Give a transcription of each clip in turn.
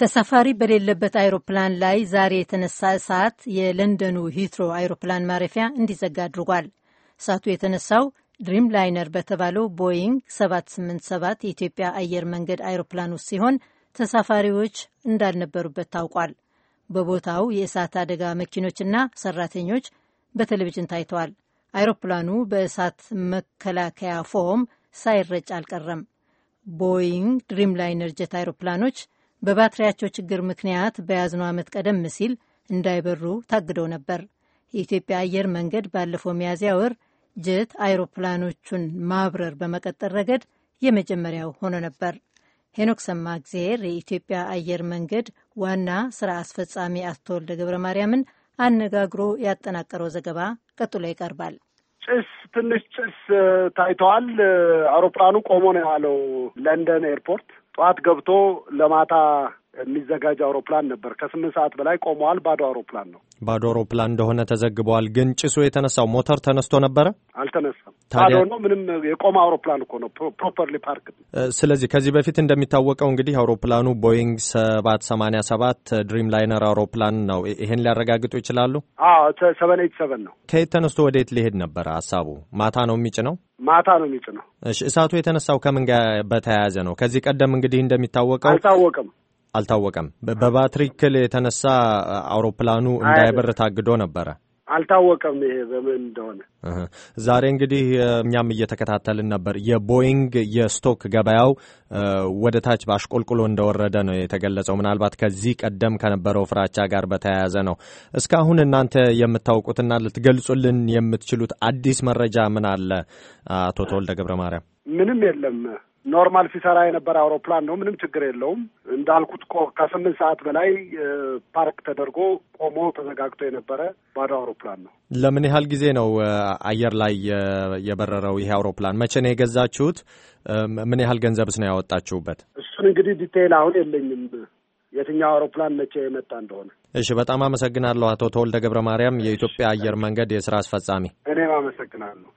ተሳፋሪ በሌለበት አይሮፕላን ላይ ዛሬ የተነሳ እሳት የለንደኑ ሂትሮ አይሮፕላን ማረፊያ እንዲዘጋ አድርጓል። እሳቱ የተነሳው ድሪም ላይነር በተባለው ቦይንግ 787 የኢትዮጵያ አየር መንገድ አይሮፕላን ውስጥ ሲሆን ተሳፋሪዎች እንዳልነበሩበት ታውቋል። በቦታው የእሳት አደጋ መኪኖችና ሰራተኞች በቴሌቪዥን ታይተዋል። አይሮፕላኑ በእሳት መከላከያ ፎም ሳይረጭ አልቀረም። ቦይንግ ድሪምላይነር ጀት አይሮፕላኖች በባትሪያቸው ችግር ምክንያት በያዝነው ዓመት ቀደም ሲል እንዳይበሩ ታግደው ነበር። የኢትዮጵያ አየር መንገድ ባለፈው ሚያዝያ ወር ጀት አይሮፕላኖቹን ማብረር በመቀጠል ረገድ የመጀመሪያው ሆኖ ነበር። ሄኖክ ሰማእግዜር የኢትዮጵያ አየር መንገድ ዋና ስራ አስፈጻሚ አቶ ወልደ ገብረ ማርያምን አነጋግሮ ያጠናቀረው ዘገባ ቀጥሎ ይቀርባል። ጭስ ትንሽ ጭስ ታይተዋል። አውሮፕላኑ ቆሞ ነው ያለው ለንደን ኤርፖርት። ጠዋት ገብቶ ለማታ የሚዘጋጅ አውሮፕላን ነበር። ከስምንት ሰዓት በላይ ቆመዋል። ባዶ አውሮፕላን ነው። ባዶ አውሮፕላን እንደሆነ ተዘግበዋል። ግን ጭሱ የተነሳው ሞተር ተነስቶ ነበረ? አልተነሳም። ነው ምንም የቆመ አውሮፕላን እኮ ነው ፕሮፐርሊ ፓርክ። ስለዚህ ከዚህ በፊት እንደሚታወቀው እንግዲህ አውሮፕላኑ ቦይንግ ሰባት ሰማንያ ሰባት ድሪም ላይነር አውሮፕላን ነው። ይሄን ሊያረጋግጡ ይችላሉ። ሰቨን ኤይት ሰቨን ነው። ከየት ተነስቶ የት ሊሄድ ነበረ ሀሳቡ? ማታ ነው ነው ማታ ነው ነው። እሺ እሳቱ የተነሳው ከምን ጋር በተያያዘ ነው? ከዚህ ቀደም እንግዲህ እንደሚታወቀው አልታወቀም አልታወቀም በባትሪ ክል የተነሳ አውሮፕላኑ እንዳይበር ታግዶ ነበረ። አልታወቀም ይሄ በምን እንደሆነ። ዛሬ እንግዲህ እኛም እየተከታተልን ነበር። የቦይንግ የስቶክ ገበያው ወደ ታች በአሽቆልቁሎ እንደወረደ ነው የተገለጸው። ምናልባት ከዚህ ቀደም ከነበረው ፍራቻ ጋር በተያያዘ ነው። እስካሁን እናንተ የምታውቁትና ልትገልጹልን የምትችሉት አዲስ መረጃ ምን አለ? አቶ ተወልደ ገብረ ማርያም ምንም የለም። ኖርማል ሲሰራ የነበረ አውሮፕላን ነው። ምንም ችግር የለውም። እንዳልኩት ከስምንት ሰዓት በላይ ፓርክ ተደርጎ ቆሞ ተዘጋግቶ የነበረ ባዶ አውሮፕላን ነው። ለምን ያህል ጊዜ ነው አየር ላይ የበረረው ይሄ አውሮፕላን? መቼ ነው የገዛችሁት? ምን ያህል ገንዘብስ ነው ያወጣችሁበት? እሱን እንግዲህ ዲቴይል አሁን የለኝም የትኛው አውሮፕላን መቼ የመጣ እንደሆነ። እሺ፣ በጣም አመሰግናለሁ አቶ ተወልደ ገብረ ማርያም የኢትዮጵያ አየር መንገድ የስራ አስፈጻሚ። እኔም አመሰግናለሁ።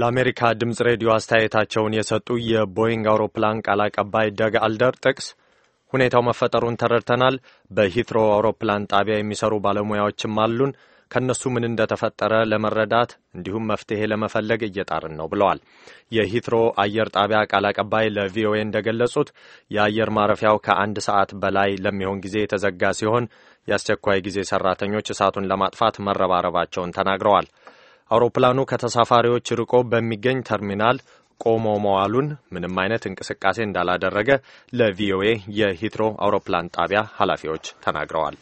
ለአሜሪካ ድምፅ ሬዲዮ አስተያየታቸውን የሰጡ የቦይንግ አውሮፕላን ቃል አቀባይ ደግ አልደር ጥቅስ ሁኔታው መፈጠሩን ተረድተናል። በሂትሮ አውሮፕላን ጣቢያ የሚሰሩ ባለሙያዎችም አሉን። ከእነሱ ምን እንደተፈጠረ ለመረዳት እንዲሁም መፍትሄ ለመፈለግ እየጣርን ነው ብለዋል። የሂትሮ አየር ጣቢያ ቃል አቀባይ ለቪኦኤ እንደገለጹት የአየር ማረፊያው ከአንድ ሰዓት በላይ ለሚሆን ጊዜ የተዘጋ ሲሆን የአስቸኳይ ጊዜ ሰራተኞች እሳቱን ለማጥፋት መረባረባቸውን ተናግረዋል። አውሮፕላኑ ከተሳፋሪዎች ርቆ በሚገኝ ተርሚናል ቆሞ መዋሉን፣ ምንም አይነት እንቅስቃሴ እንዳላደረገ ለቪኦኤ የሂትሮ አውሮፕላን ጣቢያ ኃላፊዎች ተናግረዋል።